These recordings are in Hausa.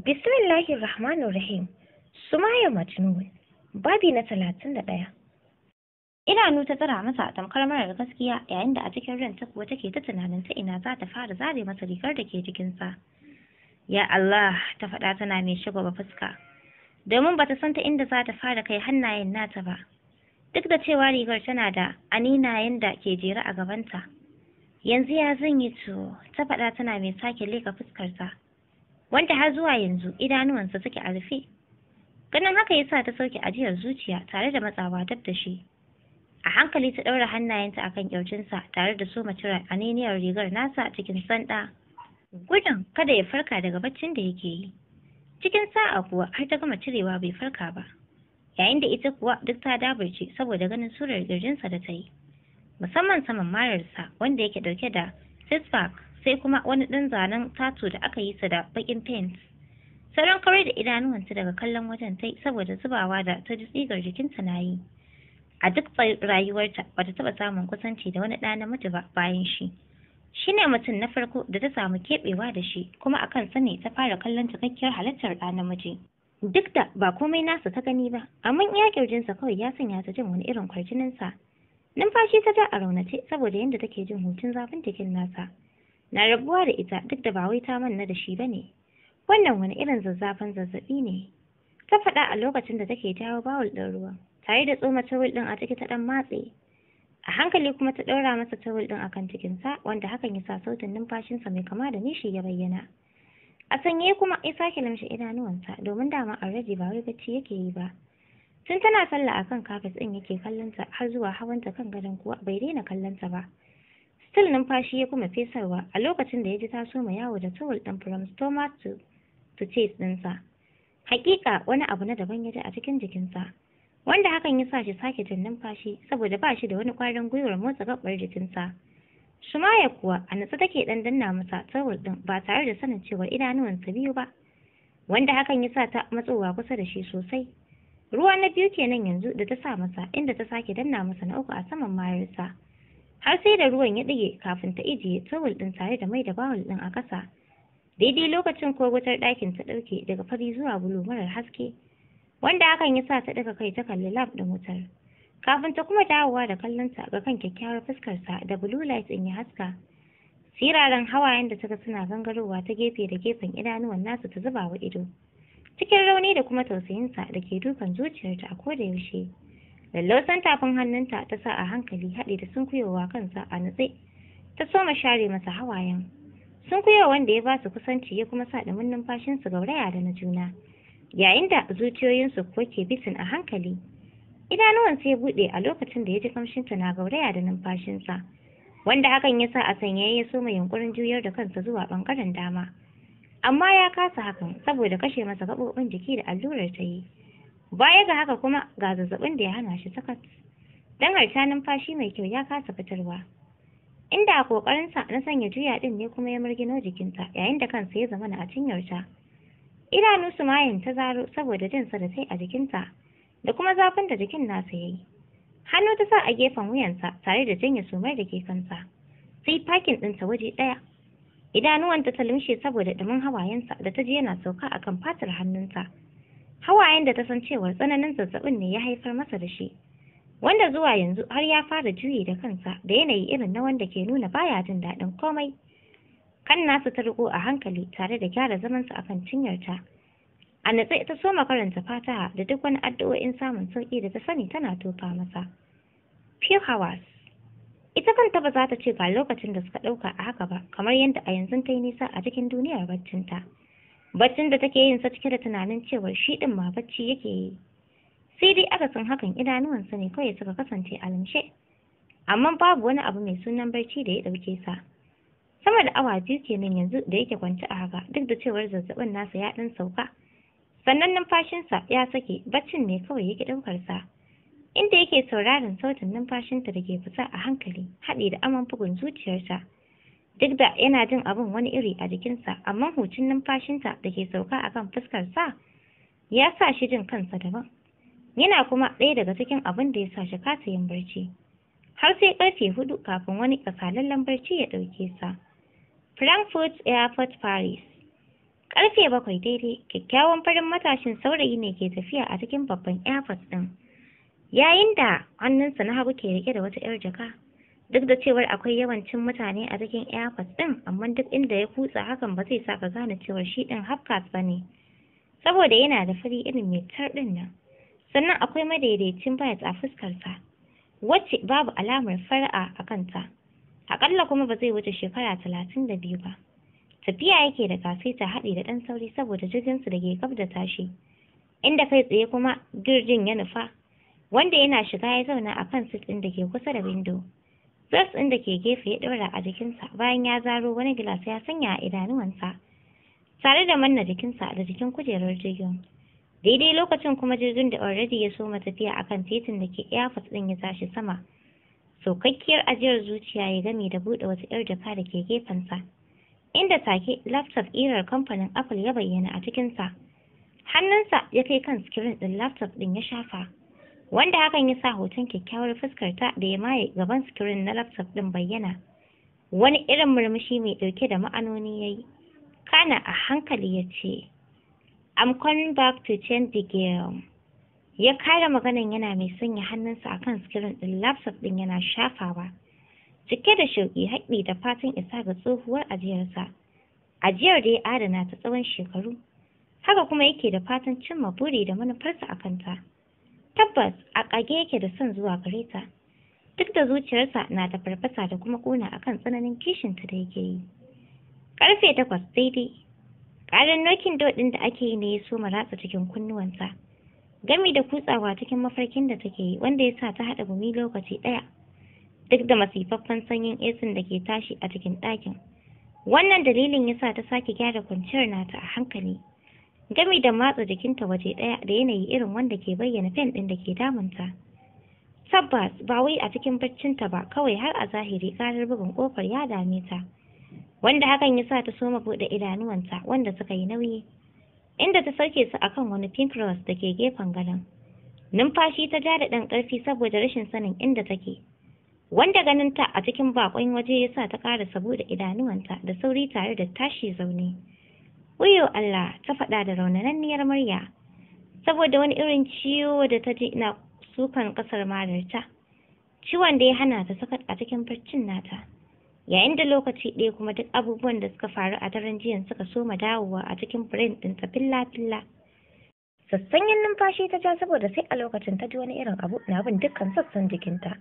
Bismillahir Rahmanir Rahim. Sumaya Majnun. Babi na talatin da ɗaya. Idanu ta tsara masa tamkar marar gaskiya yayin da a cikin ranta kuwa take ta tunanin ta ina za ta fara zare masa rigar da ke jikinsa. Ya Allah ta faɗa tana mai ba fuska. Domin bata san ta inda za ta fara kai hannayen nata ba. Duk da cewa rigar tana da aninayen da ke jere a gabanta. Yanzu ya zan yi to ta faɗa tana mai sake leka fuskarta. wanda har zuwa yanzu idanuwansa suke a rufe ganin haka ya sa ta sauke ajiyar zuciya tare da matsawa dab da shi a hankali ta ɗaura hannayenta akan ƙirjinsa tare da soma cire aniniyar rigar nasa cikin sanda gudun kada ya farka daga baccin da yake yi cikin sa'a kuwa har ta gama cirewa bai farka ba yayin da ita kuwa duk ta dabarce saboda ganin surar ƙirjinsa da ta yi musamman saman mararsa wanda yake ɗauke da six pack sai kuma wani ɗan zanen tato da aka yi sa da bakin paint sauran kawai da idanuwanta daga kallon wajen tai saboda zubawa da ta ji tsigar jikinta na yi a duk rayuwarta bata taɓa samun kusanci da wani ɗa namiji ba bayan shi shi ne mutum na farko da ta samu keɓewa da shi kuma a kan sani ta fara kallon cikakkiyar halittar ɗa namiji duk da ba komai nasa ta gani ba amma iya ƙirjinsa kawai ya sanya ta jin wani irin kwarjininsa numfashi ta ja a raunace saboda yadda take jin hutun zafin jikin nasa na rabuwa da ita duk da ba wai ta manna da shi ba ne wannan wani irin zazzafan zazzabi ne ta faɗa a lokacin da take jawo bawul ɗin ruwa tare da tsoma tawul ɗin a ciki ta ɗan matse a hankali kuma ta ɗaura masa tawul ɗin akan cikinsa wanda hakan ya sa sautin numfashinsa mai kama da nishi ya bayyana a sanye kuma ya sake lamshe idanuwansa domin dama already ba wai bacci yake yi ba tun tana sallah akan kafet ɗin yake kallonta har zuwa hawanta kan gadon kuwa bai daina kallonta ba still numfashi ya kuma fesarwa a lokacin da ya ji taso ma yawo da tawul ɗin from stomach to, to chest ɗinsa. Hakika wani abu na daban ya ji a cikin jikinsa. Wanda hakan ya sa shi sake jin numfashi saboda ba shi da wani ƙwarin gwiwar motsa gaɓar jikinsa. Shumaya kuwa a natsu take ɗan danna masa tawul ɗin ba tare da sanin cewar idanuwansa biyu ba. Wanda hakan ya sa ta matsowa kusa da shi sosai. Ruwa na biyu kenan yanzu da ta sa masa inda ta sake danna masa na uku a saman mayarsa. har sai da ruwan ya ɗige kafin ta ijiye tawul ɗin tare da mai da bawul ɗin a ƙasa daidai lokacin ko wutar ɗakin ta ɗauke daga fari zuwa bulu marar haske wanda hakan ya sa ta ɗaga kai ta kalli lab ɗin wutar kafin ta kuma dawowa da kallonta ga kan kyakkyawar fuskarsa da bulu light ɗin ya haska siraran hawayen da ta ga suna gangarowa ta gefe da gefen idanuwan nasu ta zuba wa ido cikin rauni da kuma tausayinsa da ke dukan zuciyarta a koda yaushe lallausan tafin hannunta ta sa a hankali haɗe da sunkuyowa kansa a nutse ta soma share masa hawayen sunkuyowa wanda ya ba su kusanci ya kuma sa ɗumin numfashinsu gauraya da na juna yayin da zuciyoyinsu ko ke bitin a hankali Idanuwansu ya buɗe a lokacin da ya ji kamshinta na gauraya da numfashinsa wanda hakan ya sa a sanyaye ya soma yunkurin juyar da kansa zuwa ɓangaren dama amma ya kasa hakan saboda kashe masa gaɓoɓin jiki da allurar ta yi baya ga haka kuma ga zazzabin da ya hana shi sakat dan harta numfashi mai kyau ya kasa fitarwa inda a kokarinsa na sanya juya din ne kuma ya murgino jikinta yayin da kansa ya zama na a cinyarta idanu su mayin ta zaro saboda jin sa da sai a jikinta da kuma zafin da jikin nasa yayi hannu ta sa a gefen wuyansa tare da janye mai da ke kansa sai fakin ɗinta waje ɗaya idanuwanta ta lumshe saboda ɗumin hawayensa da ta ji yana sauka akan fatar hannunsa hawayen da ta san cewa tsananin zazzabin ne ya haifar masa da shi wanda zuwa yanzu har ya fara juyi da kansa da yanayi irin na wanda ke nuna baya jin daɗin komai kan nasu ta riko a hankali tare da gyara zamansa akan cinyarta a natsa ita soma karanta fataha da duk wani addu'o'in samun sauki da ta sani tana tofa masa few hours ita kanta ba za ta ce ba lokacin da suka ɗauka a haka ba kamar yadda a yanzu ta yi nisa a cikin duniyar baccinta. baccin da take yin sa cike da tunanin cewa shi din ma bacci yake yi sai dai aka san hakan idanuwansa ne kawai suka kasance a lamshe. amma babu wani abu mai sunan barci da ya dauke sa sama da awa biyu kenan yanzu da yake kwance a haka duk da cewar zazzabin nasa ya ɗan sauka sannan numfashinsa ya sake baccin ne kawai yake ki sa inda yake sauraron sautin numfashinta da ke fita a hankali haɗe da aman bugun zuciyarsa duk da yana jin abin wani iri a jikinsa amma hucin numfashinta da ke sauka a kan fuskarsa ya sa shi jin kansa daban yana kuma ɗaya daga cikin abin da ya sa shi kasa yin barci har sai ƙarfe hudu kafin wani tsakalallen barci ya ɗauke sa frankfurt airport paris ƙarfe bakwai daidai kyakkyawan farin matashin saurayi ne ke tafiya a cikin babban airport ɗin yayin da hannunsa na hagu ke rike da wata 'yar jaka duk da cewar akwai yawancin mutane a cikin airport ɗin amma duk inda ya kutsa hakan ba zai sa ka gane cewar shi ɗin hafkas ba ne saboda yana da fari irin mai tar ɗin nan sannan akwai madaidaicin bayat a fuskarsa wacce babu alamar fara'a a kanta aƙalla kuma ba zai wuce shekara talatin da biyu ba tafiya yake da ta haɗi da ɗan sauri saboda jirginsu da ke gab da tashi inda kai tsaye kuma jirgin ya nufa wanda yana shiga ya zauna a kan sit ɗin da ke kusa da windo Glass ɗin da ke gefe ya ɗaura a jikinsa bayan ya zaro wani gilas ya sanya a idanuwansa. Tare da manna jikinsa da jikin kujerar jirgin. Daidai lokacin kuma jirgin da already ya soma tafiya akan titin da ke airport ɗin ya tashi sama. Saukakkiyar ajiyar zuciya ya gami da buɗe wata 'yar jaka da ke gefensa. Inda take laptop irar kamfanin Apple ya bayyana a cikinsa. Hannunsa ya kai kan sikirin ɗin laptop ɗin ya shafa. wanda hakan ya sa hoton kyakkyawar ta da ya maye gaban sikirin na laptop ɗin bayyana wani irin murmushi mai ɗauke da ma'anoni yayi kana a hankali ya ce I'm coming back to change the game ya kare maganan yana mai sanya hannunsa a kan sikirin ɗin laptop ɗin yana shafawa cike da shauki haɗi da fatan isa ga tsohuwar ajiyarsa ajiyar da ya adana ta tsawon shekaru haka kuma yake da fatan cimma buri da manufarsa a kanta. Tabbas a ƙage yake da son zuwa gare ta. Duk da zuciyarsa na da farfasa da kuma ƙuna akan tsananin kishinta da yake yi. ƙarfe takwas dai-dai. Ƙarin nokin doɗin da ake yi ne ya soma ratsa cikin kunnuwanta. Gami da kutsawa cikin mafarkin da take yi wanda ya sa ta haɗa gumi lokaci ɗaya. Duk da masifaffen sanyin esin da ke tashi a cikin ɗakin. Wannan dalilin ya sa ta sake gyara kwanciyar nata a hankali. gami da matsa jikinta waje ɗaya da yanayi irin wanda ke bayyana fen ɗin da ke damunta. Tabbas ba wai a cikin ta ba kawai har a zahiri karar bugun kofar ya dame ta. Wanda hakan ya sa ta soma buɗe idanuwanta wanda suka yi nauyi. Inda ta sauke su akan wani pink rose da ke gefen gadon. Numfashi ta ja da ɗan ƙarfi saboda rashin sanin inda take. Wanda ganin ta a cikin baƙon waje ya sa ta ƙara sabu buɗe idanuwanta da sauri tare da tashi zaune. Uyo Allah ta faɗa da raunananniyar murya saboda wani irin ciwo da ta ji ina sukan ƙasar mararta. Ciwon da ya hana ta saka a cikin farcin nata. Yayin da lokaci ɗaya kuma duk abubuwan da suka faru a daren jiyan suka soma dawowa a cikin ɗin ta filla-filla. Sassanyen numfashi ta ja saboda sai a lokacin ta ji wani irin abu na bin dukkan sassan jikinta.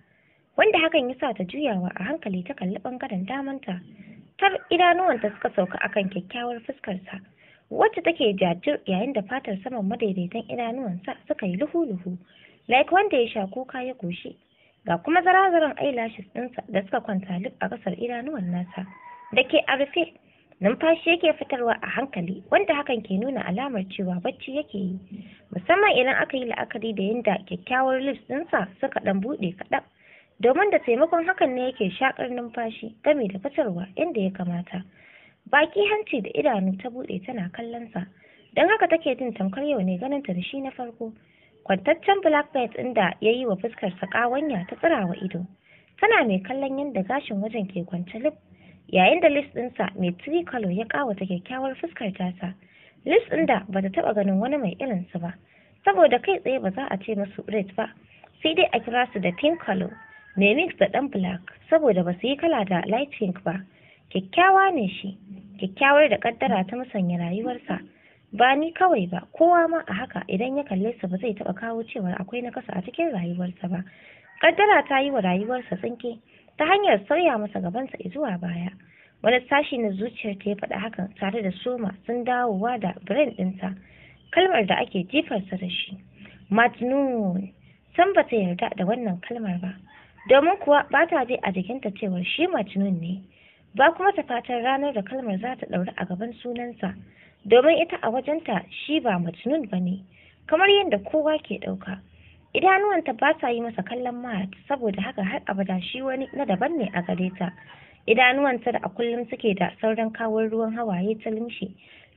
Wanda hakan ya sa ta juyawa a hankali ta kalli ɓangaren damanta. tar idanuwanta suka sauka akan kyakkyawar fuskarsa wacce take jajir yayin da fatar saman madaidaitan sa suka yi luhu-luhu like wanda ya sha kuka ya goshi ga kuma zarazaran eyelashes ɗinsa da suka kwanta duk a ƙasar idanuwan nasa Dake ke a rufe numfashi yake fitarwa a hankali wanda hakan ke nuna alamar cewa bacci yake yi musamman idan aka yi la'akari da yadda kyakkyawar lips ɗinsa suka ɗan buɗe kaɗan domin da taimakon hakan ne yake shakar numfashi game da fitarwa inda ya kamata baki hanci da idanu ta buɗe tana kallonsa don haka take jin tamkar yau ne ganin ta da shi na farko kwantaccen black blackbird inda ya yi wa fuskar kawanya ta tsirawa ido tana mai kallon yadda gashin wajen ke kwance lip yayin da list ɗinsa mai tricolo ya ƙawata kyakkyawar fuskar tasa list ɗin da bata taɓa ganin wani mai irinsu ba saboda kai tsaye ba za a ce masu red ba sai dai a kira su da pink color mix da ɗan black saboda ba su yi kala da light pink ba kyakkyawa ne shi kyakkyawar da ƙaddara ta musanya rayuwarsa ba ni kawai ba kowa ma a haka idan ya kalle su ba zai taɓa kawo cewar akwai nakasa a cikin rayuwarsa ba Ƙaddara ta yi wa rayuwarsa tsinke ta hanyar sauya masa gabansa zuwa baya wani sashi na zuciyar ta ya faɗa hakan tare da soma sun dawowa da brain ɗinsa kalmar da ake jifarsa da shi majnun san ba ta yarda da wannan kalmar ba domin kuwa ba ta je a jikinta cewa shi majnun ne ba kuma ta fatan ranar da kalmar za ta ɗauri a gaban sunansa domin ita a wajenta shi ba majnun ba ne kamar yadda kowa ke ɗauka idanuwanta ba sa yi masa kallon mahat saboda haka har abada shi wani na daban ne a gare ta idanuwanta da a kullum suke da sauran kawar ruwan hawaye ta limshe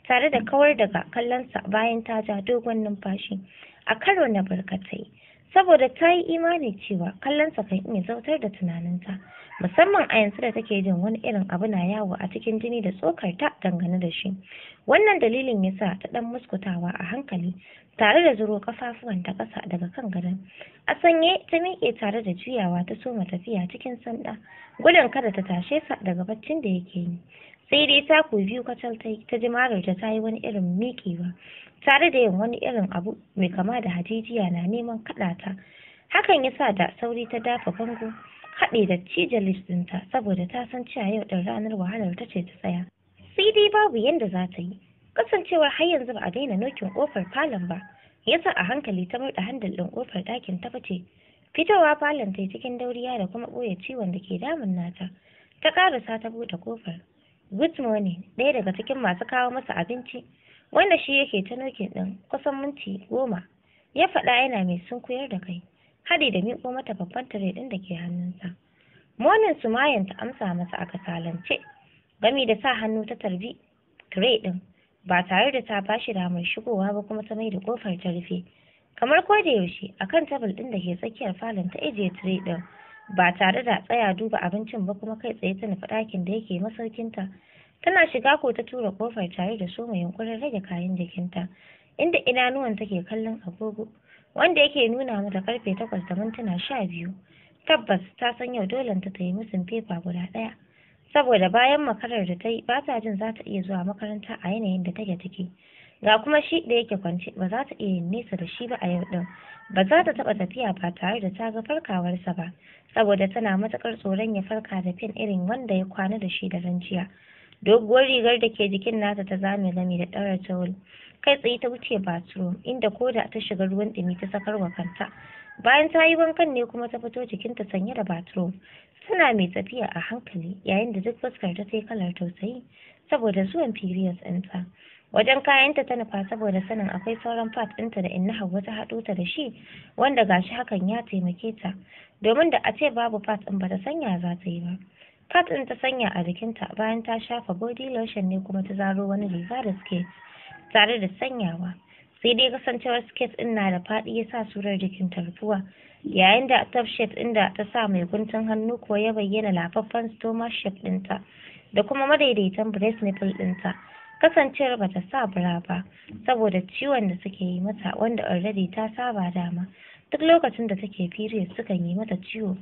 tare da kawar daga kallonsa bayan ta ja dogon numfashi a karo na barkatai saboda ta yi imani cewa kallonsa kan iya zautar da tunaninta musamman a yanzu da take jin wani irin abu na yawo a cikin jini da tsokar ta dangane da shi wannan dalilin ya sa ta dan muskutawa a hankali tare da zuro kafafuwan ta ƙasa daga kan gadon a sanye ta miƙe tare da juyawa ta soma tafiya cikin sanda gudun kada ta tashe sa daga baccin da yake yi sai dai taku biyu kacal ta ta ji da ta yi wani irin miƙewa tare da yin wani irin abu mai kama da hajijiya na neman kaɗa ta hakan ya sa da sauri ta dafa bango haɗe da cije ɗinta saboda ta san cewa yau ɗin ranar wahalar ta ce ta tsaya sai dai babu yadda za ta yi kasancewar har yanzu ba a daina nokin ƙofar falon ba yasa a hankali ta murɗa handal ɗin ƙofar ɗakin ta fice fitowa falon ta yi cikin dauriya da kuma ɓoye ciwon da ke damun nata ta ƙarasa ta buɗe ƙofar good morning ɗaya daga cikin masu kawo masa abinci wanda shi yake ta nokin ɗin kusan minti goma ya faɗa yana mai sunkuyar da kai haɗi da miƙo mata babban tire ɗin da ke hannunsa monin mayan ta amsa masa a kasalance gami da sa hannu ta tarbi tire ɗin ba tare da ta bashi damar shigowa ba kuma ta mai da kofar ta rufe kamar ko da yaushe akan tabul ɗin da ke tsakiyar falon ta ajiye tire ɗin ba tare da tsaya duba abincin ba kuma kai tsaye ta nufi ɗakin da yake masaukinta tana shiga ko ta tura kofar tare da su mai yunkurin rage kayan jikinta inda idanuwan take kallon agogo wanda yake nuna mata karfe takwas da mintuna sha biyu tabbas ta san yau dole ta yi musun fefa guda ɗaya saboda bayan makarar da ta yi ba ta jin za ta iya zuwa makaranta a yanayin da take ciki ga kuma shi da yake kwance ba za ta iya yin nesa da shi ba a yau din ba za ta taɓa tafiya ba tare da ta ga farkawarsa ba saboda tana matuƙar tsoron ya farka da fin irin wanda ya kwana da shi da jiya doguwar rigar da ke jikin nata ta zame gami da ɗaura tawul kai tsaye ta wuce bathroom inda ko koda ta shiga ruwan ɗumi ta sakar wa kanta bayan ta yi wankan ne kuma ta fito jikinta sanye da bathroom tana mai tafiya a hankali yayin da duk fuskar ta sai kalar tausayi saboda zuwan periods ɗinta. wajen kayanta ta nufa saboda sanin akwai sauran fat ɗinta da inna Hauwa ta haɗu ta da shi wanda gashi hakan ya taimake ta domin da a ce babu fat ɗin bata sanya za ta yi ba fat ɗin ta sanya a jikinta bayan ta shafa body lotion ne kuma ta zaro wani riga da suke tare da sanyawa sai dai kasancewar siket ɗin na da faɗi ya sa surar jikin rufuwa yayin da top shape ɗin da ta sa mai guntun hannu ko ya bayyana lafaffen stomach shape ɗinta da kuma madaidaitan breast nipple ɗinta. kasancewar ba ta sa bra ba saboda ciwon da suke yi mata wanda already ta saba dama duk lokacin da take period sukan yi mata ciwo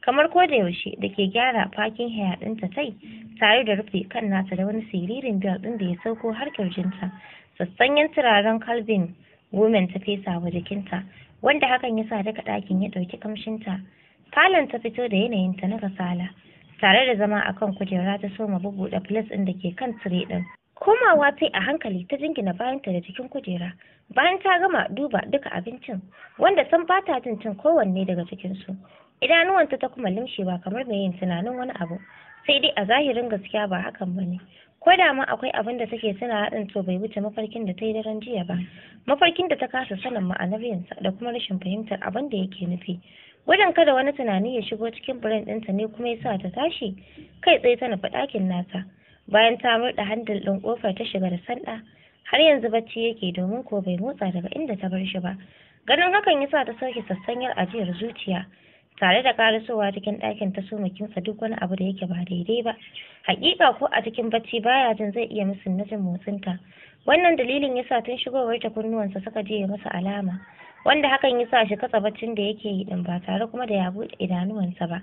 kamar ko da yaushe da ke gyara fakin hair ɗinta tai tare da rufe kan nata da wani siririn bel ɗin da ya sauko har kirjinta sassanyen turaren calvin women ta fesa wa jikinta wanda hakan ya sa daga ɗakin ya ɗauki kamshinta falon ta fito da yanayinta na kasala tare da zama akan kujera ta soma bubuɗe plus ɗin da ke kan tire ɗin komawa ta a hankali ta jingina bayanta da jikin kujera bayan ta gama duba duka abincin wanda san ba ta jin cin kowanne daga cikinsu idanuwanta ta kuma ba kamar mai yin tunanin wani abu sai dai a zahirin gaskiya ba hakan ba ne ko da ma akwai abin da take tana haɗin to bai wuce mafarkin da ta yi daren jiya ba mafarkin da ta kasa sanin ma'anar yansa da kuma rashin fahimtar abin da yake nufi gudun kada wani tunani ya shigo cikin brain ɗinta ne kuma ya sa ta tashi kai tsaye ta nufi ɗakin nata bayan ta murɗa handil ɗin ƙofar ta shiga da sanda har yanzu bacci yake domin ko bai motsa daga inda ta bar shi ba ganin hakan yasa ta sauke sassanyar ajiyar zuciya tare da karasowa cikin ɗakin ta soma kinsa duk wani abu da yake ba daidai ba hakika ko a cikin bacci baya jin zai iya musu na jin motsinta wannan dalilin yasa tun shigowar ta kunnuwansa suka je masa alama wanda hakan yasa shi katsa baccin da yake yi din ba tare kuma da ya buɗe idanuwansa ba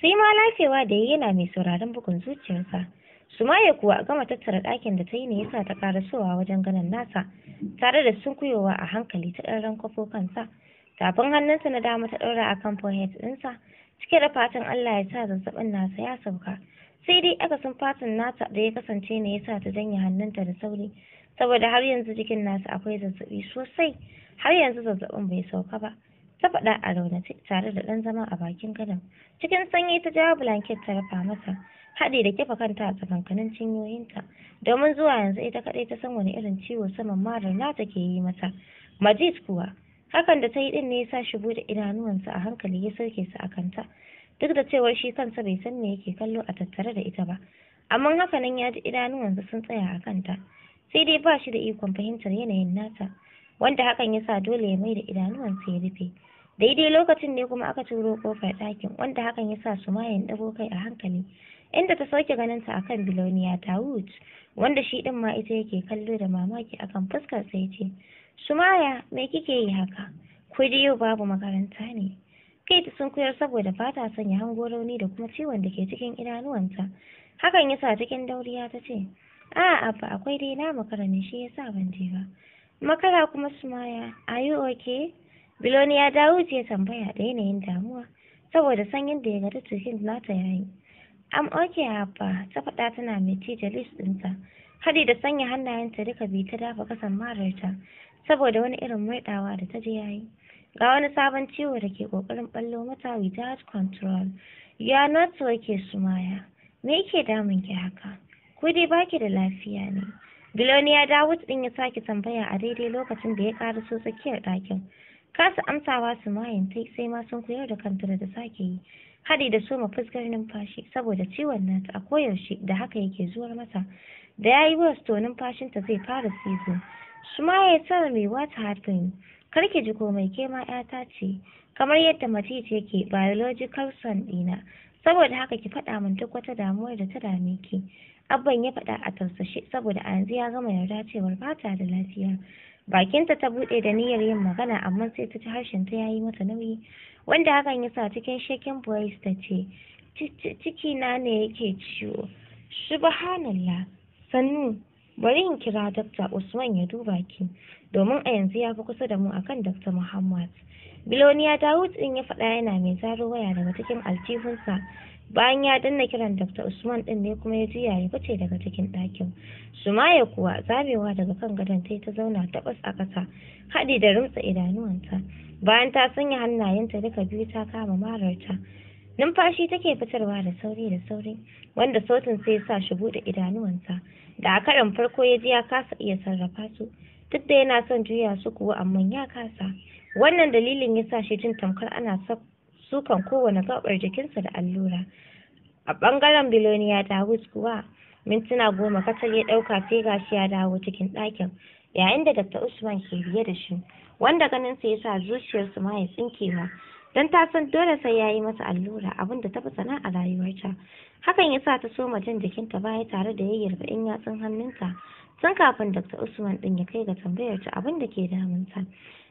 sai ma lafewa da yayi yana mai sauraron bugun zuciyarsa Sumayya kuwa gama tattara ɗakin da ta yi ne yasa ta sowa wajen ganin nasa tare da sunkuyowa a hankali ta ɗan rankwafo kansa. Tafin hannunsa na dama ta ɗaura a kan forehead ɗinsa cike da fatan Allah ya sa zazzaɓin nasa ya sauka. Sai dai akasin fatan nasa da ya kasance ne ya sa ta janye hannunta da sauri saboda har yanzu jikin nasa akwai zazzaɓi sosai har yanzu zazzaɓin bai sauka ba. ta faɗa a raunace tare da ɗan zama a bakin gadon cikin sanyi ta jawo blanket ta rufa masa haɗe da kifa kanta a tsakankanin cinyoyinta domin zuwa yanzu ita kaɗai ta san wani irin ciwo saman marar nata ke yi mata majid kuwa hakan da ta yi ɗin ne ya sa shi buɗe idanuwansa a hankali ya sauke su a kanta duk da cewar shi kansa bai san me yake kallo a tattare da ita ba amma hakanan ya ji idanuwansa sun tsaya a kanta sai dai ba shi da ikon fahimtar yanayin nata wanda hakan ya sa dole ya mai da idanuwansa ya rufe daidai lokacin ne kuma aka turo kofar ɗakin wanda hakan ya sa su mayen ɗago kai a hankali inda ta sauke ganinta a kan biloniya ta wuce wanda shi ɗin ma ita yake kallo da mamaki akan fuskar sai ce sumaya me kike yi haka ku yau babu makaranta ne kai ta sun koyar saboda ba ta sanya hango rauni da kuma ciwon da ke cikin idanuwanta hakan ya sa cikin dauriya ta ce a abba akwai dai na makara shi yasa ban je ba makara kuma sumaya are you okay biloniya Dawud ya tambaya da yanayin damuwa saboda san yadda ya ga cikin nata yayi An oke haba ta faɗa tana mai cije lips ɗinta haɗi da sanya hannayenta duka bi ta dafa kasan mararta saboda wani irin murɗawa da ta ji yayi ga wani sabon ciwo da ke ƙoƙarin ɓallo mata without control you are not su sumaya me yake damun ki haka ku dai baki da lafiya ne Biloniya Dawood ɗin ya sake tambaya a daidai lokacin da ya ƙaraso tsakiyar ɗakin. Kasa amsawa su mayin sai ma sun koyar da kanta da sake yi. Hadi da soma fuskar numfashi saboda ciwon nata a koyaushe da haka yake zuwar mata da ya yi wasu to numfashinta zai fara sizo su ma ya tsara mai wata harfin kar ki ji komai ke ma ce kamar yadda mace yake biological son ɗina saboda haka ki faɗa min duk wata damuwar da ta dame ki abban ya faɗa a tausashe saboda a yanzu ya gama yarda cewar fata da lafiya bakinta ta buɗe da niyyar yin magana amma sai ta ji harshen ta yayi mata nauyi wanda hakan ya sa cikin shaken boys ta ce ciki na ne yake ciwo subhanallah sannu bari in kira Dr. Usman ya duba ki domin a yanzu ya fi kusa da mu akan Dr. Muhammad. Biloniya Dawud din ya faɗa yana mai zaro waya daga cikin aljihunsa bayan ya danna kiran dr usman din ne kuma ya juya ya fice daga cikin ɗakin sumaya kuwa zamewa daga kan gadon ta ta zauna tabas a ƙasa haɗi da rumtsa idanuwanta bayan ta sanya hannayenta duka biyu ta kama mararta numfashi take fitarwa da sauri da sauri wanda sautin sai ya sa shi buɗe idanuwanta da a karan farko ya ji ya kasa iya sarrafa su duk da yana son juya su kuwa amma ya kasa wannan dalilin ya sa shi jin tamkar ana sukan kowane gabar jikinsa da allura a ɓangaren biloniya dawud kuwa mintuna goma katal ya ɗauka sai gashi ya dawo cikin ɗakin yayin da Dr. Usman ke biye da shi wanda ganin sa yasa zuciyarsu ma ya tsinkewa dan ta san dole sai ya yi masa allura abin da ta fi sana a rayuwarta hakan yasa ta soma jin jikinta baya tare da yayyarba in yatsun hannunta tun kafin Dr. Usman din ya kai ga tambayar ta abin da ke damunta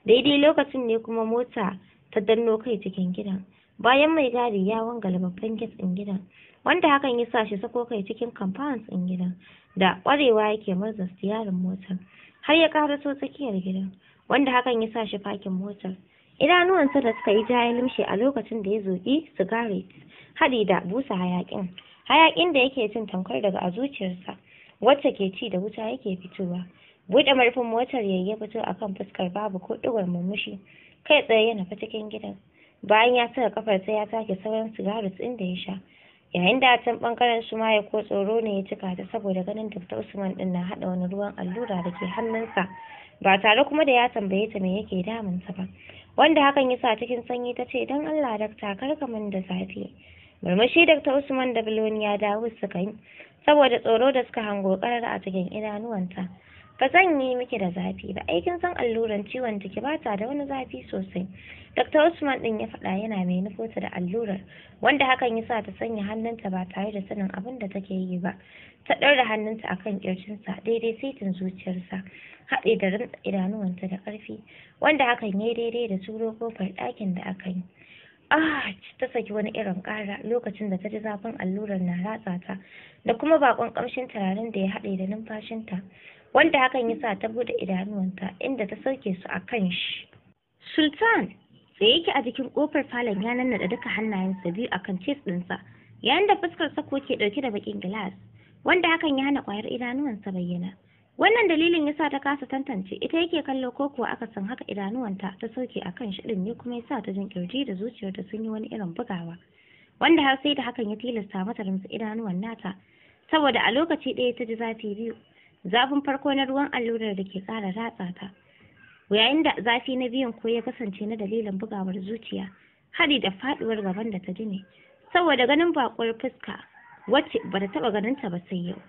daidai lokacin ne kuma mota ta danno kai cikin gidan bayan mai gadi ya wangala babban gate ɗin gidan wanda hakan ya sa shi sako kai cikin compound ɗin gidan da ƙwarewa yake murza siyarin motar har ya karaso tsakiyar gidan wanda hakan ya sa shi fakin motar idanuwansa da suka yi ja ya lumshe a lokacin da ya zoƙi cigarettes haɗi da busa hayaƙin hayaƙin da yake cin tamkar daga a zuciyarsa wacce ke ci da wuta yake fitowa buɗe marfin motar yayi ya fito akan fuskar babu ko ɗigar murmushi kai tsaye ya nufi cikin gidan bayan ya saka kafar sai ya sake sauran sigaris tsin da ya sha yayin da a can bangaren su ma ya ko tsoro ne ya cika ta saboda ganin Dr. Usman din na hada wani ruwan allura da ke hannunsa ba tare kuma da ya tambaye ta me yake damunsa ba wanda hakan ya sa cikin sanyi ta ce don Allah dakta kar min da zafi murmushi Dr. Usman da Biloni ya dawo suka yi saboda tsoro da suka hango karar a cikin idanuwanta ba zan yi miki da zafi ba aikin san alluran ciwon jiki ba ta da wani zafi sosai dr usman din ya faɗa yana mai nufota da allurar wanda hakan ya sa ta sanya hannunta ba tare da sanin abin da take yi ba ta ɗaura hannunta akan ƙirjinsa daidai saitin zuciyarsa haɗe da rantsa idanuwanta da ƙarfi wanda hakan ya yi daidai da turo kofar ɗakin da aka yi ah ta saki wani irin ƙara lokacin da ta ji zafin allurar na ratsa ta da kuma baƙon ƙamshin turaren da ya haɗe da numfashinta wanda hakan ya sa ta bude idanuwanta inda ta sauke su a kan shi sultan da yake a jikin kofar falon ya da duka hannayensa biyu a kan cis ɗinsa yayin da fuskar sako ke ɗauke da bakin gilas wanda hakan ya hana ƙwayar idanuwansa bayyana wannan dalilin yasa ta kasa tantance ita yake kallo ko kuwa aka san haka idanuwanta ta sauke akan shi ɗin ne kuma yasa ta jin kirji da zuciyarta sun yi wani irin bugawa wanda har sai da hakan ya tilasta mata rinsa idanuwan nata saboda a lokaci ɗaya ta ji zafi biyu zafin farko na ruwan allurar da ke ƙara ratsa ta yayin da zafi na biyan ko ya kasance na dalilin bugawar zuciya hari da faduwar gaban da ta ji ne saboda ganin bakwar fuska wacce ba ta taba ganin ta ba sai yau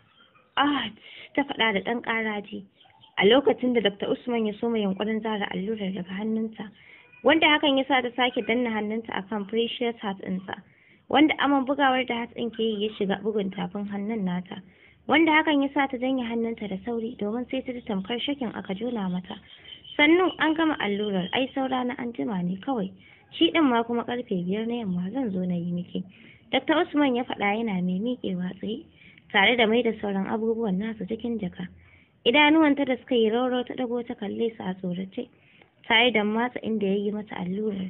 ah ta faɗa da ɗan ƙaraji a lokacin da dr usman ya soma yunkurin zara allurar daga hannunta wanda hakan ya sa ta sake danna hannunta a kan precious heart ɗinsa wanda aman bugawar da hatsin ke yi ya shiga bugun tafin hannun nata wanda hakan ya sa ta janye hannunta da sauri domin sai ta ji tamkar shakin aka jona mata sannu an gama allurar ai saura na anjima ne kawai shi din ma kuma karfe biyar na yamma zan zo na yi miki dakta Usman ya faɗa yana mai miƙewa tsaye tare da mai da sauran abubuwan nasu cikin jaka idanuwanta da suka yi rauro ta dago ta kalle su a tsorace tare da matsa inda ya yi mata allurar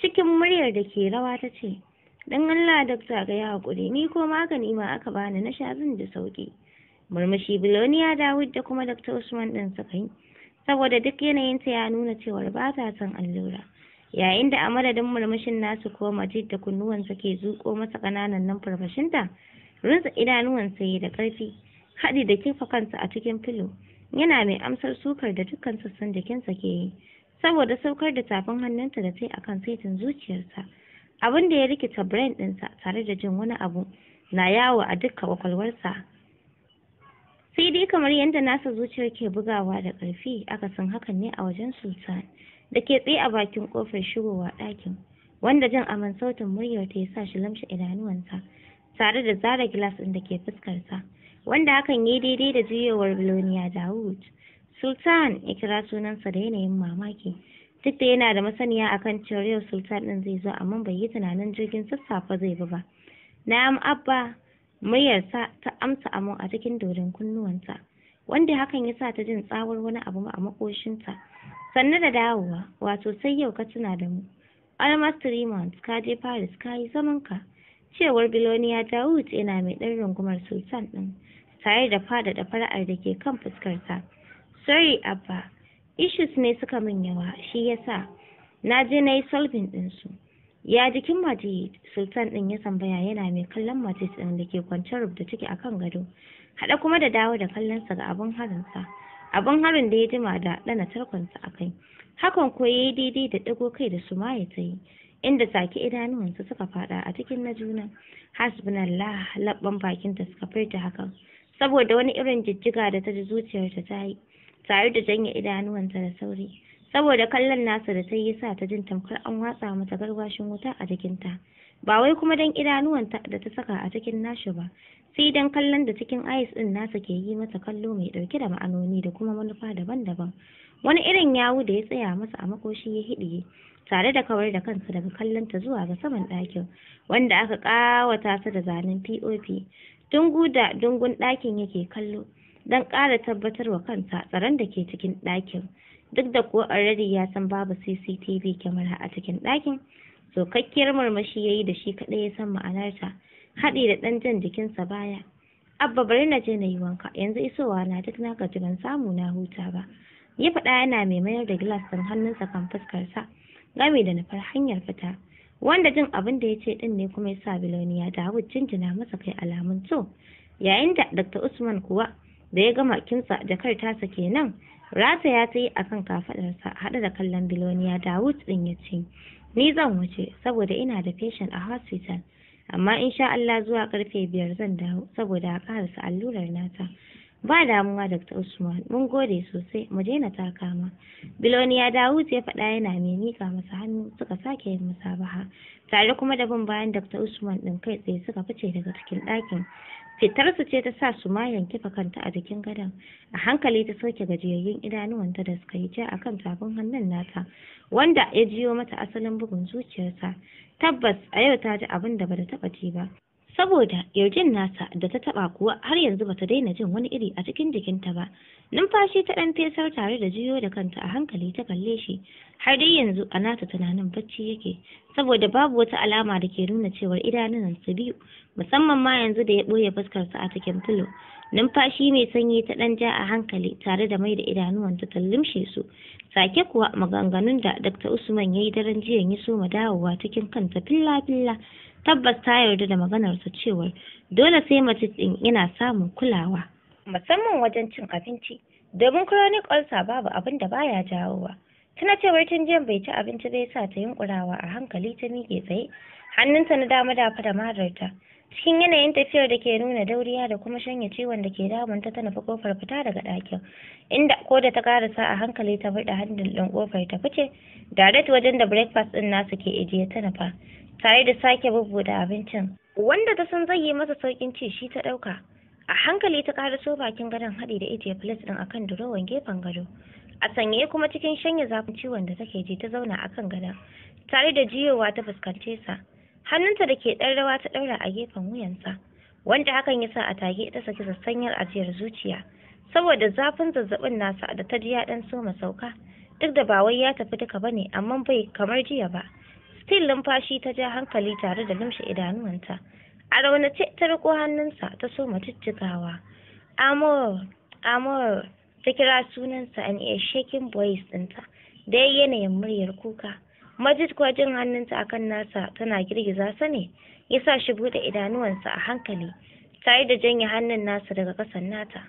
cikin muryar da ke rawa ta ce dan Allah dakta ga ya hakuri ni ko magani ma aka bani na sha zan da sauƙi murmushi biloniya dawud da kuma dakta usman ɗin suka yi saboda duk yanayin ta ya nuna cewa ba ta son allura yayin da a madadin murmushin nasu ko majid da kunnuwansa ke zuƙo masa ƙananan nan farfashinta rinsa idanuwansa yi da karfi haɗi da kifa kansa a cikin filo yana mai amsar sukar da dukkan sassan jikinsa ke yi saboda saukar da tafin hannunta da sai akan saitin zuciyarsa abin da ya rikita brain ɗinsa tare da jin wani abu na yawo a duka kwakwalwarsa sai dai kamar yadda nasa zuciyar ke bugawa da ƙarfi san hakan ne a wajen sultan da ke tsaye a bakin kofar shigowa ɗakin wanda jin aman sautin muryar ta ya sa shi lamshe idanuwansa tare da zara gilas ɗin da ke fuskarsa wanda hakan ya daidai da juyowar biloniya dawud sultan ya kira sunansa da yanayin mamaki duk da yana da masaniya akan cewa yau sultan ɗin zai zo amma bai yi tunanin jirgin sassafe zai bi ba na'am abba muryarsa ta amsa amo a cikin dodon kunnuwanta wanda hakan ya sa ta jin tsawar wani abu a makoshinta sannu da dawowa wato sai yau ka tuna da mu almas tremont ka je paris ka yi zamanka cewar biloniya dawud yana mai ɗan rungumar sultan ɗin tare da faɗaɗa fara'ar da ke kan fuskarta sorry abba issues ne suka min yawa shi yasa na je na yi solving ɗinsu ya jikin mace sultan din ya tambaya yana mai kallon mace din da ke kwanciyar rubuta ciki akan gado haɗa kuma da dawo da kallon sa ga abin harinsa abin harin da ya jima da dana tarkonsa a kai hakan ko ya daidai da ɗago kai da su ma ta yi inda take idanuwansa suka fada a cikin na juna hasbunallah labban bakinta suka furta hakan saboda wani irin jijjiga da ta ji zuciyarta ta yi tare da janye idanuwanta da sauri saboda kallon nasa da ta yi sa ta jin tamkar an watsa mata garwashin wuta a jikinta ba wai kuma don idanuwanta da ta saka a cikin nashi ba sai don kallon da cikin ice ɗin nasa ke yi mata kallo mai ɗauke da ma'anoni da kuma manufa daban-daban wani irin yawu da ya tsaya masa a makoshi ya hiɗiye tare da kawar da kansa daga kallonta zuwa ga saman ɗakin wanda aka kawata sa da zanen pop dungu da dungun ɗakin yake kallo don ƙara tabbatar wa kansa tsaron da ke cikin ɗakin duk da kuwa already ya san babu cctv kyamara a cikin ɗakin tsokakkiyar murmushi ya yi da shi kaɗai ya san ma'anarta haɗi da ɗan jan jikinsa baya abba bari na je na yi wanka yanzu isowa na duk na gaji ban samu na huta ba ya faɗa yana mai mayar da gilas ɗin hannunsa kan fuskarsa game da nufar hanyar fita wanda jin abin da ya ce ɗin ne kuma ya sa biloniya dawud jinjina masa kai alamun to yayin da dr usman kuwa da ya gama kinsa jakar tasa kenan rata ya ta yi a kan kafaɗarsa haɗe da kallon biloniya dawud ɗin ya ce ni zan wuce saboda ina da patient a hospital amma in sha Allah zuwa karfe biyar zan dawo saboda a ƙarasa allurar nata ba damuwa Dr. Usman mun gode sosai mu ta takama Biloniya Dawud ya faɗa yana mai mika masa hannu suka sake yin musabaha tare kuma da bin bayan Dr. Usman ɗin kai tsaye suka fice daga cikin ɗakin fitarsu ce ta sa su ma kifa kanta a jikin gadon a hankali ta soke gajiyayyen idanuwanta da suka yi ja a kan tafin hannun nata wanda ya jiyo mata asalin bugun zuciyarsa tabbas a yau ta ji abin da bata taɓa ji ba saboda yaujin nasa da ta taba kuwa har yanzu bata daina jin wani iri a cikin jikinta ba numfashi ta dan fesar tare da jiyo da kanta a hankali ta kalle shi har dai yanzu a nata tunanin bacci yake saboda babu wata alama da ke nuna cewar su biyu musamman ma yanzu da ya boye fuskarsa a cikin filo numfashi mai sanyi ta ɗan ja a hankali tare da mai da idanuwan ta tallumshe su sake kuwa maganganun da dr usman yayi daren jiya ya so ma dawowa cikin kanta filla-filla tabbas ta yarda da maganarsa cewar dole sai mace ɗin yana samun kulawa musamman wajen cin abinci domin chronic ulcer babu abin da baya jawowa tana cewar tun jiyan bai ci abinci bai sa ta yunkurawa a hankali ta miƙe tsaye hannunta na dama dafa da madarta cikin yanayin tafiyar da ke nuna dauriya da kuma shanya ciwon da ke damunta ta nufi kofar fita daga ɗakin inda ko da ta karasa a hankali ta buɗe hannun ɗin kofar ta fice direct wajen da breakfast ɗin nasu ke ajiye ta nufa tare da sake da abincin wanda ta san zai yi masa saukin ci shi ta ɗauka a hankali ta so bakin gadon haɗi da ijiye plate ɗin akan durowan gefen gado a sanye kuma cikin shanya zafin ciwon da take ji ta zauna akan gadon tare da jiyowa ta fuskance sa hannunta da ke ɗan rawa ta ɗaura a gefen wuyansa wanda hakan ya sa a take ta saki sassanyar ajiyar zuciya saboda zafin zazzabin nasa da ta ji ya ɗan soma sauka duk da ba wai ya tafi duka bane amma bai kamar jiya ba still numfashi ta ja hankali tare da lumshe idanuwanta a raunace ta riko hannunsa ta soma ciccikawa amor amor ta kira sunansa an iya shekin boys ɗinta da yanayin muryar kuka Majid kuwa jin hannunta kan nasa tana girgiza sa ne, ya sa shi buɗe idanuwansa a hankali, tare da janye hannun nasa daga kasan nata.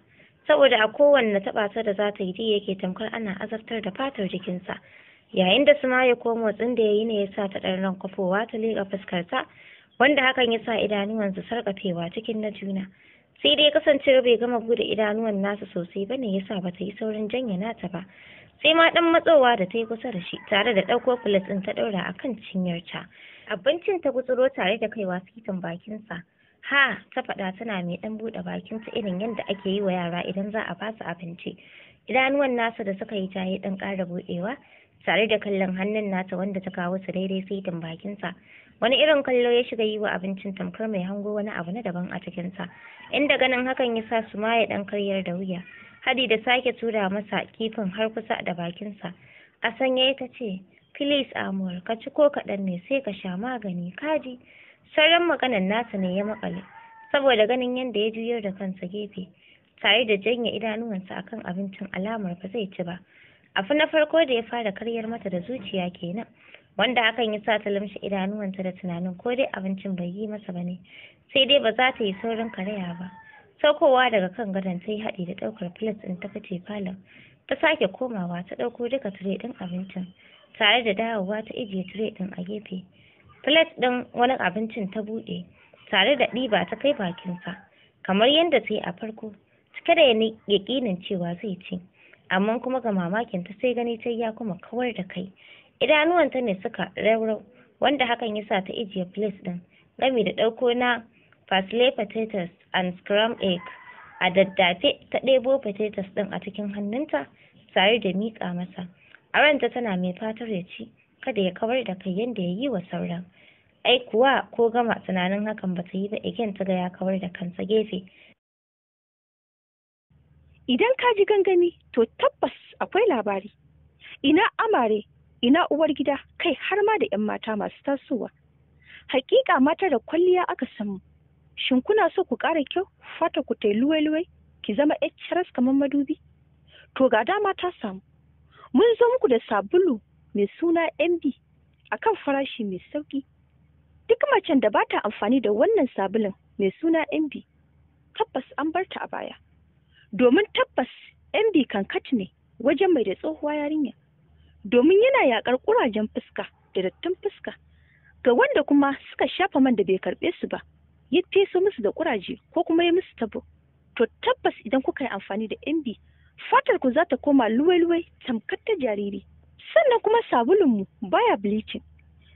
Saboda a kowanne taɓa ta da za ta yi yake tamkar ana azabtar da fatar jikinsa. Yayin da Sumaya ko motsin da ya yi ne ya sa ta ɗan kwafowa ta liƙa fuskarta, wanda hakan ya sa idanuwansa sarƙafewa cikin na juna. Sai dai kasancewa bai gama buɗe idanuwan nasa sosai ba ne ya sa ba ta yi saurin janye nata ba. sai ma dan matsowa da ta yi kusa da shi tare da ɗauko filas ɗin ta ɗaura a kan cinyar cinyarta abincin ta gutsuro tare da kaiwa sitan bakinsa ha ta faɗa tana mai ɗan buɗe bakinta irin yadda ake yi wa yara idan za a basu abinci idanuwan nasa da suka yi tayi ɗan ƙara buɗewa tare da kallon hannun nata wanda ta kawo su daidai saitin bakinsa wani irin kallo ya shiga yi wa abincin tamkar mai hango wani abu na daban a cikinsa inda ganin hakan ya sa su maye ɗan karyar da wuya hadi da sake tura masa kifin har kusa da bakinsa a sanya ta ce please amur ka ci ko kaɗan ne sai ka sha magani kaji sauran maganan nasa ne ya makale saboda ganin yadda ya juyo da kansa gefe tare da janye idanuwansa akan abincin alamar ba zai ci ba afu na farko da ya fara karyar mata da zuciya kenan wanda hakan ya sa ta lamshe idanuwanta da tunanin ko dai abincin bai yi masa ba ne sai dai ba za ta yi saurin karaya ba saukowa daga kan gadon ta yi haɗi da ɗaukar plate ɗin ta fice falon ta sake komawa ta ɗauko duka tire ɗin abincin tare da dawowa ta ijiye tire ɗin a gefe plate ɗin wani abincin ta buɗe tare da ɗiba ta kai bakinsa kamar yadda ta yi a farko cike da yaƙinin cewa zai ci amma kuma ga mamakin ta sai gani ta ya kuma kawar da kai idanuwanta ne suka raurau wanda hakan ya sa ta ijiye plate ɗin gami da ɗauko na fasile potatoes and scrum egg a daddafe ta ɗebo potatoes ɗin a cikin hannunta tare da miƙa masa a ranta tana mai fatar ya ci kada ya kawar da kai yadda ya yi wa sauran ai kuwa ko gama tunanin hakan ba ta yi ba again ta ga ya kawar da kansa gefe idan ka ji gangami to tabbas akwai labari ina amare ina uwar gida kai har ma da 'yan mata masu tasowa hakika mata da kwalliya aka samu shin kuna so ku ƙara kyau fata ku tai luwai-luwai ki zama HRS kamar madubi to ga dama ta samu mun zo muku da sabulu mai suna MB kan farashi mai sauƙi. duk macen da ba ta amfani da wannan sabulun mai suna MB tabbas an bar ta a baya domin tabbas kan kankat ne wajen mai da tsohuwa yarinya domin yana yaƙar ƙurajen fuska da dattin fuska ga wanda kuma suka shafa man da bai karɓe su ba ya fesa musu da kuraje ko kuma ya musu tabo to tabbas idan kuka yi amfani da mb fatar ku za ta koma luwai-luwai tamkar ta jariri sannan kuma sabulun mu baya bleaching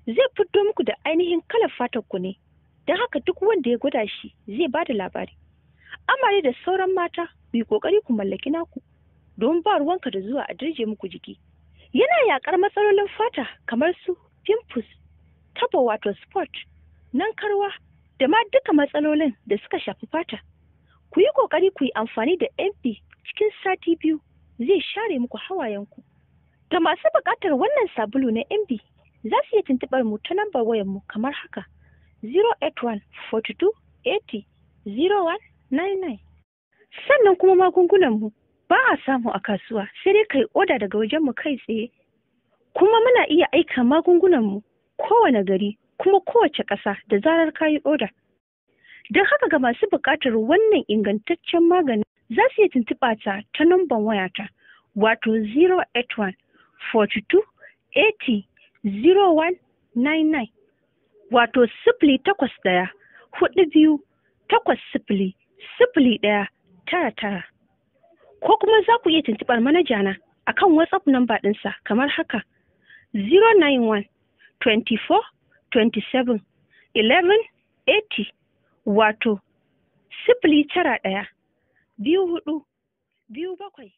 zai fito muku da ainihin kalar fatar ku ne don haka duk wanda ya gwada shi zai ba da labari amare da sauran mata yi kokari ku mallaki naku don ba ruwanka da zuwa a dirje muku jiki yana yakar matsalolin fata kamar su pimples tabo wato spot nan karwa da ma duka matsalolin da suka shafi fata. Ku yi ƙoƙari ku yi amfani da MP cikin sati biyu zai share muku hawayenku. Da masu buƙatar wannan sabulu na MP za su iya tuntuɓar mu ta lambar wayarmu kamar haka 081-42-80-0199. Sannan kuma magungunanmu ba a samu a kasuwa sai dai kai oda daga wajenmu kai tsaye. Kuma muna iya aika magungunanmu kowane gari kuma kowace ƙasa da zarar kayi oda. Don haka ga masu buƙatar wannan ingantaccen magani za su iya tuntuɓa ta ta numban wayata wato 081 42 80 0199 wato sifili takwas ɗaya hudu biyu takwas sifili sifili ɗaya tara tara ko kuma za ku iya tuntuɓar manaja na a kan whatsapp namba ɗinsa kamar haka 091 24 27 wato sifili tara ɗaya biyu hudu biyu bakwai